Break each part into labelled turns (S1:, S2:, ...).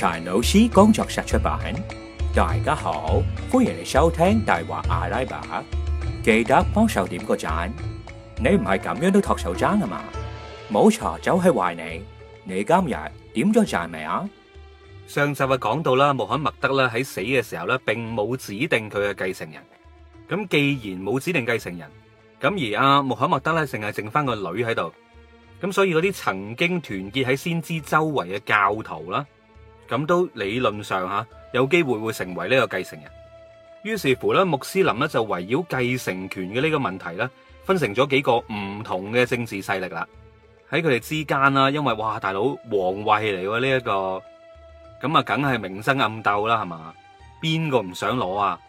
S1: 柴老師，工作室出版，大家好，歡迎嚟收聽《大話阿拉伯》，記得幫手點個讚，你唔係咁樣都托手踭啊嘛？冇茶酒係懷你。你今日點咗讚未啊？上集啊講到啦，穆罕默德咧喺死嘅時候咧並冇指定佢嘅繼承人。咁既然冇指定繼承人，咁而阿穆罕默德咧淨係剩翻個女喺度，咁所以嗰啲曾經團結喺先知周圍嘅教徒啦。咁都理論上吓有機會會成為呢個繼承人，於是乎咧，穆斯林咧就圍繞繼承權嘅呢個問題咧，分成咗幾個唔同嘅政治勢力啦。喺佢哋之間啦，因為哇大佬皇位嚟喎呢一個，咁啊梗係明爭暗鬥啦，係嘛？邊個唔想攞啊？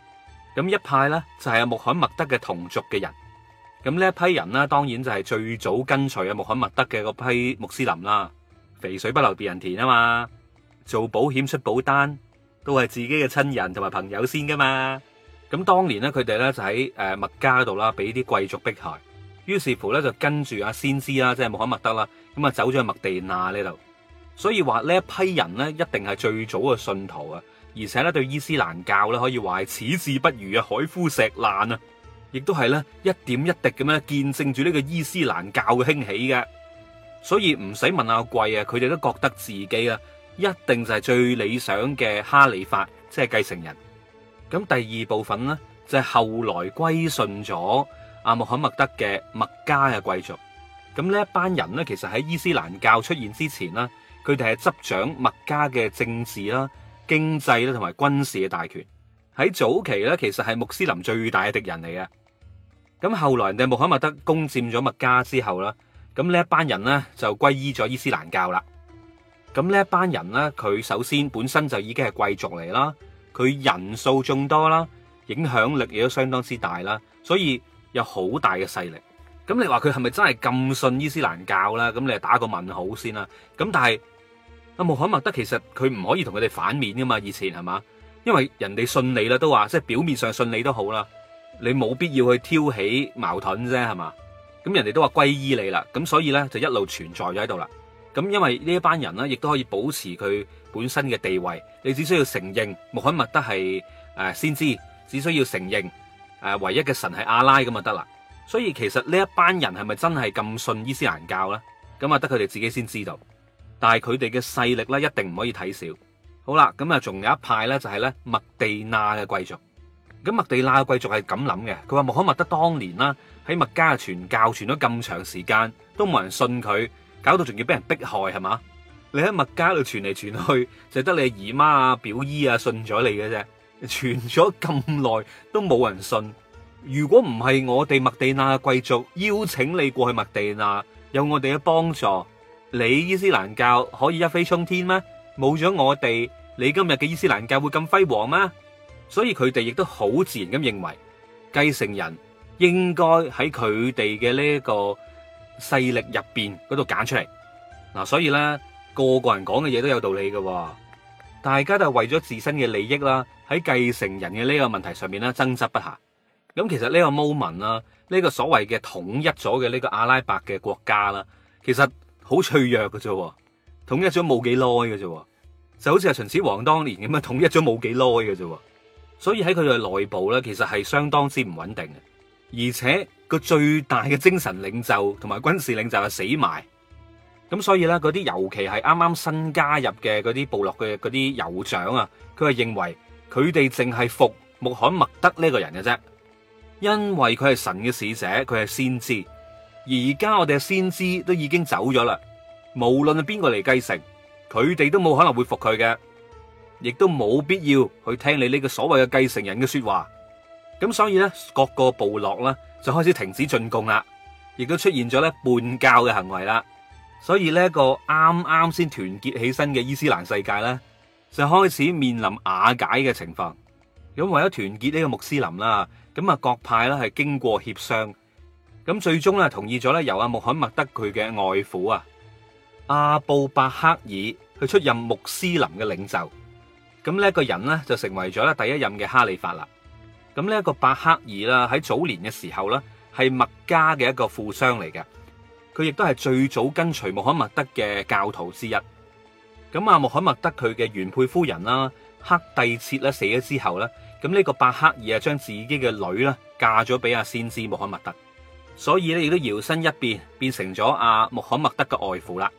S1: 咁一派咧就係阿穆罕默德嘅同族嘅人，咁呢一批人啦，當然就係最早跟隨阿穆罕默德嘅嗰批穆斯林啦。肥水不流別人田啊嘛～做保險出保單都係自己嘅親人同埋朋友先噶嘛？咁當年咧，佢哋咧就喺誒麥加度啦，俾啲貴族逼害，於是乎咧就跟住阿先知啦，即係穆罕默德啦，咁啊走咗去麥地那呢度。所以話呢一批人咧，一定係最早嘅信徒啊，而且咧對伊斯蘭教咧可以話係矢志不渝啊，海枯石爛啊，亦都係咧一點一滴咁樣見證住呢個伊斯蘭教嘅興起嘅。所以唔使問阿貴啊，佢哋都覺得自己啊～一定就係最理想嘅哈里發，即係繼承人。咁第二部分呢，就係後來歸順咗阿穆罕默德嘅麥加嘅貴族。咁呢一班人呢，其實喺伊斯蘭教出現之前呢，佢哋係執掌麥加嘅政治啦、經濟啦同埋軍事嘅大權。喺早期呢，其實係穆斯林最大嘅敵人嚟嘅。咁後來人哋穆罕默德攻佔咗麥加之後啦，咁呢一班人呢就皈依咗伊斯蘭教啦。咁呢一班人咧，佢首先本身就已經係貴族嚟啦，佢人數眾多啦，影響力亦都相當之大啦，所以有好大嘅勢力。咁你話佢係咪真係咁信伊斯蘭教啦？咁你就打個問號先啦。咁但係阿穆罕默德其實佢唔可以同佢哋反面噶嘛，以前係嘛？因為人哋信你啦，都話即係表面上信你都好啦，你冇必要去挑起矛盾啫，係嘛？咁人哋都話歸依你啦，咁所以咧就一路存在咗喺度啦。咁因為呢一班人咧，亦都可以保持佢本身嘅地位。你只需要承認穆罕默德係先知，只需要承認唯一嘅神係阿拉，咁就得啦。所以其實呢一班人係咪真係咁信伊斯蘭教咧？咁啊得佢哋自己先知道。但係佢哋嘅勢力咧，一定唔可以睇少。好啦，咁啊仲有一派咧就係咧麥地那嘅貴族。咁麥地那嘅貴族係咁諗嘅，佢話穆罕默德當年啦喺麥加傳教傳咗咁長時間，都冇人信佢。搞到仲要俾人迫害係嘛？你喺麥加度傳嚟傳去，就得你姨媽啊、表姨啊信咗你嘅啫，傳咗咁耐都冇人信。如果唔係我哋麥地那嘅貴族邀請你過去麥地那，有我哋嘅幫助，你伊斯蘭教可以一飛沖天咩？冇咗我哋，你今日嘅伊斯蘭教會咁輝煌咩？所以佢哋亦都好自然咁認為，繼承人應該喺佢哋嘅呢一個勢力入邊嗰度揀出嚟。嗱，所以咧個個人講嘅嘢都有道理嘅，大家都係為咗自身嘅利益啦，喺繼承人嘅呢個問題上面咧爭執不下。咁其實呢個穆民啦，呢個所謂嘅統一咗嘅呢個阿拉伯嘅國家啦，其實好脆弱咋啫，統一咗冇幾耐嘅啫，就好似係秦始皇當年咁樣統一咗冇幾耐嘅啫，所以喺佢哋嘅內部咧，其實係相當之唔穩定嘅。而且個最大嘅精神領袖同埋軍事領袖係死埋，咁所以咧，嗰啲尤其係啱啱新加入嘅嗰啲部落嘅嗰啲酋長啊，佢係認為佢哋淨係服穆罕默德呢個人嘅啫，因為佢係神嘅使者，佢係先知。而家我哋嘅先知都已經走咗啦，無論係邊個嚟繼承，佢哋都冇可能會服佢嘅，亦都冇必要去聽你呢個所謂嘅繼承人嘅說話。咁所以咧，各個部落咧就開始停止進貢啦，亦都出現咗咧叛教嘅行為啦。所以呢一個啱啱先團結起身嘅伊斯蘭世界咧，就開始面臨瓦解嘅情況。咁為咗團結呢個穆斯林啦，咁啊各派呢係經過協商，咁最終咧同意咗咧由阿穆罕默德佢嘅外父啊阿布巴克爾去出任穆斯林嘅領袖。咁呢一個人咧就成為咗咧第一任嘅哈里發啦。咁呢一個伯克爾啦，喺早年嘅時候咧，係麥加嘅一個富商嚟嘅，佢亦都係最早跟隨穆罕默德嘅教徒之一。咁啊，穆罕默德佢嘅原配夫人啦，黑帝切咧死咗之後咧，咁、這、呢個伯克爾啊將自己嘅女啦嫁咗俾阿先知，、啊、先知穆罕默德，所以咧亦都搖身一變變成咗阿、啊、穆罕默德嘅外父啦。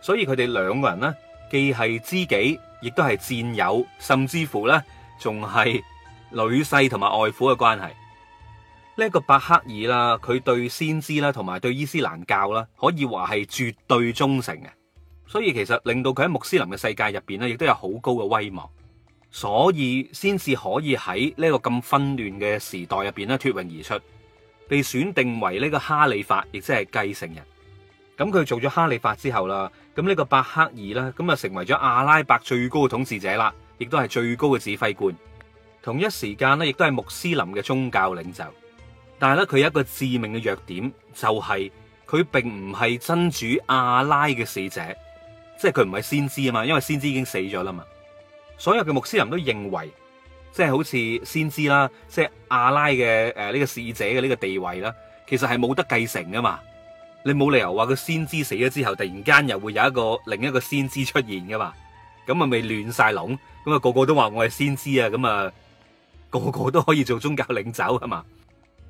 S1: 所以佢哋兩個人呢，既係知己，亦都係戰友，甚至乎咧仲係。女婿同埋外父嘅關係，呢、這個伯克爾啦，佢對先知啦，同埋對伊斯蘭教啦，可以話係絕對忠誠嘅，所以其實令到佢喺穆斯林嘅世界入邊咧，亦都有好高嘅威望，所以先至可以喺呢個咁紛亂嘅時代入邊咧脫穎而出，被選定為呢個哈里發，亦即係繼承人。咁佢做咗哈里發之後啦，咁、這、呢個伯克爾啦，咁啊成為咗阿拉伯最高嘅統治者啦，亦都係最高嘅指揮官。同一時間咧，亦都係穆斯林嘅宗教領袖，但係咧佢有一個致命嘅弱點，就係、是、佢並唔係真主阿拉嘅使者，即係佢唔係先知啊嘛，因為先知已經死咗啦嘛。所有嘅穆斯林都認為，即係好似先知啦，即係阿拉嘅呢、這個使者嘅呢個地位啦，其實係冇得繼承噶嘛。你冇理由話佢先知死咗之後，突然間又會有一個另一個先知出現噶嘛？咁啊咪亂晒籠？咁啊個個都話我係先知啊？咁啊？個個都可以做宗教領袖，係嘛？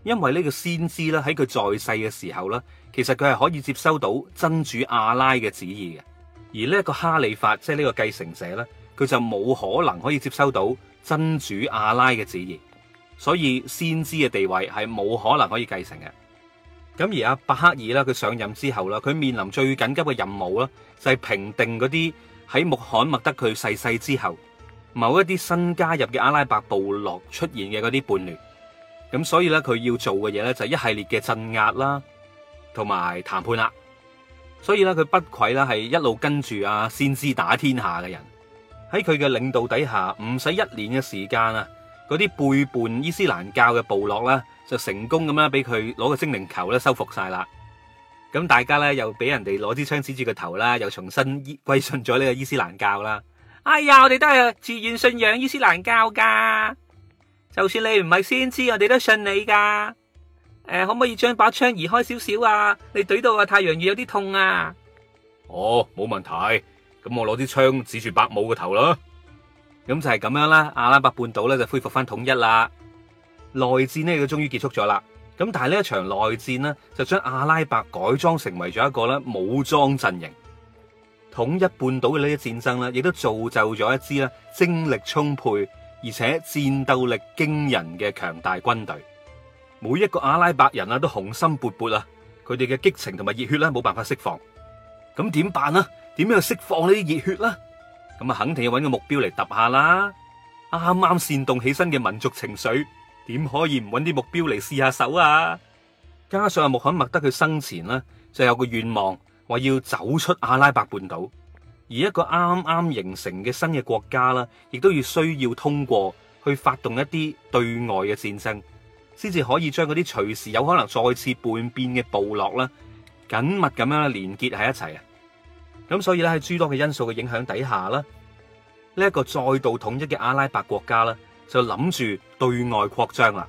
S1: 因為呢個先知啦，喺佢在世嘅時候咧，其實佢係可以接收到真主阿拉嘅旨意嘅。而呢個哈里發，即係呢個繼承者咧，佢就冇可能可以接收到真主阿拉嘅旨意，所以先知嘅地位係冇可能可以繼承嘅。咁而阿伯克爾啦，佢上任之後啦，佢面臨最緊急嘅任務啦，就係、是、平定嗰啲喺穆罕默德佢逝世，世之後。某一啲新加入嘅阿拉伯部落出現嘅嗰啲叛亂，咁所以咧佢要做嘅嘢咧就係一系列嘅鎮壓啦，同埋談判啦。所以咧佢不愧啦係一路跟住阿先知打天下嘅人，喺佢嘅領導底下，唔使一年嘅時間啊，嗰啲背叛伊斯蘭教嘅部落啦就成功咁啦，俾佢攞個精靈球咧收復晒啦。咁大家咧又俾人哋攞支槍指住個頭啦，又重新歸順咗呢個伊斯蘭教啦。哎呀，我哋都係自願信仰伊斯蘭教噶。就算你唔係先知，我哋都信你噶。誒、嗯，可唔可以將把槍移開少少啊？你懟到個太陽穴有啲痛啊。哦，冇問題。咁我攞啲槍指住白武個頭啦。咁就係咁樣啦。阿拉伯半島咧就恢復翻統一啦。內戰呢就終於結束咗啦。咁但係呢一場內戰呢就將阿拉伯改裝成為咗一個咧武裝陣營。統一半島嘅呢啲戰爭呢，亦都造就咗一支咧精力充沛，而且戰鬥力驚人嘅強大軍隊。每一個阿拉伯人啊，都雄心勃勃啊，佢哋嘅激情同埋熱血咧，冇辦法釋放。咁點辦啊？點樣釋放呢啲熱血啦？咁啊，肯定要揾個目標嚟揼下啦。啱啱煽動起身嘅民族情緒，點可以唔揾啲目標嚟試下手啊？加上阿穆罕默德佢生前呢就有個願望。話要走出阿拉伯半島，而一個啱啱形成嘅新嘅國家啦，亦都要需要通過去發動一啲對外嘅戰爭，先至可以將嗰啲隨時有可能再次叛變嘅部落啦，緊密咁樣連結喺一齊啊！咁所以咧，喺諸多嘅因素嘅影響底下啦，呢、這、一個再度統一嘅阿拉伯國家啦，就諗住對外擴張啦。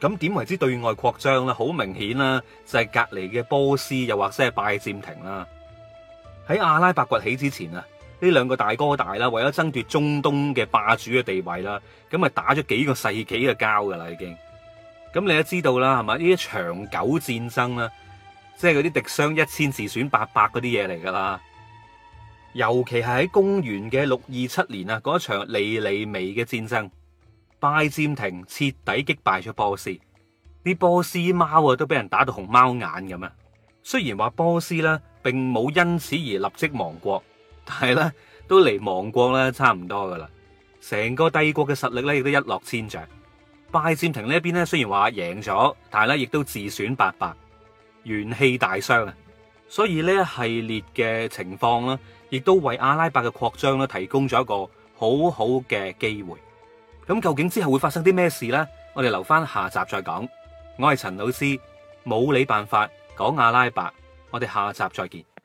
S1: 咁點為之對外擴張咧？好明顯啦，就係隔籬嘅波斯又或者係拜占庭啦。喺阿拉伯崛起之前啊，呢兩個大哥大啦，為咗爭奪中東嘅霸主嘅地位啦，咁咪打咗幾個世紀嘅交噶啦已經。咁你都知道啦，係咪？呢一場長久戰爭啦，即係嗰啲敵傷一千自損八百嗰啲嘢嚟噶啦。尤其係喺公元嘅六二七年啊，嗰一場尼尼微嘅戰爭。拜占庭徹底擊敗咗波斯，啲波斯貓啊都俾人打到熊貓眼咁啊！雖然話波斯呢並冇因此而立即亡國，但係咧都嚟亡國咧差唔多噶啦。成個帝國嘅實力咧亦都一落千丈。拜占庭呢一邊咧雖然話贏咗，但係咧亦都自損八百，元氣大傷啊！所以呢一系列嘅情況啦，亦都為阿拉伯嘅擴張咧提供咗一個好好嘅機會。咁究竟之後會發生啲咩事呢？我哋留翻下集再講。我係陳老師，冇你辦法講阿拉伯，我哋下集再見。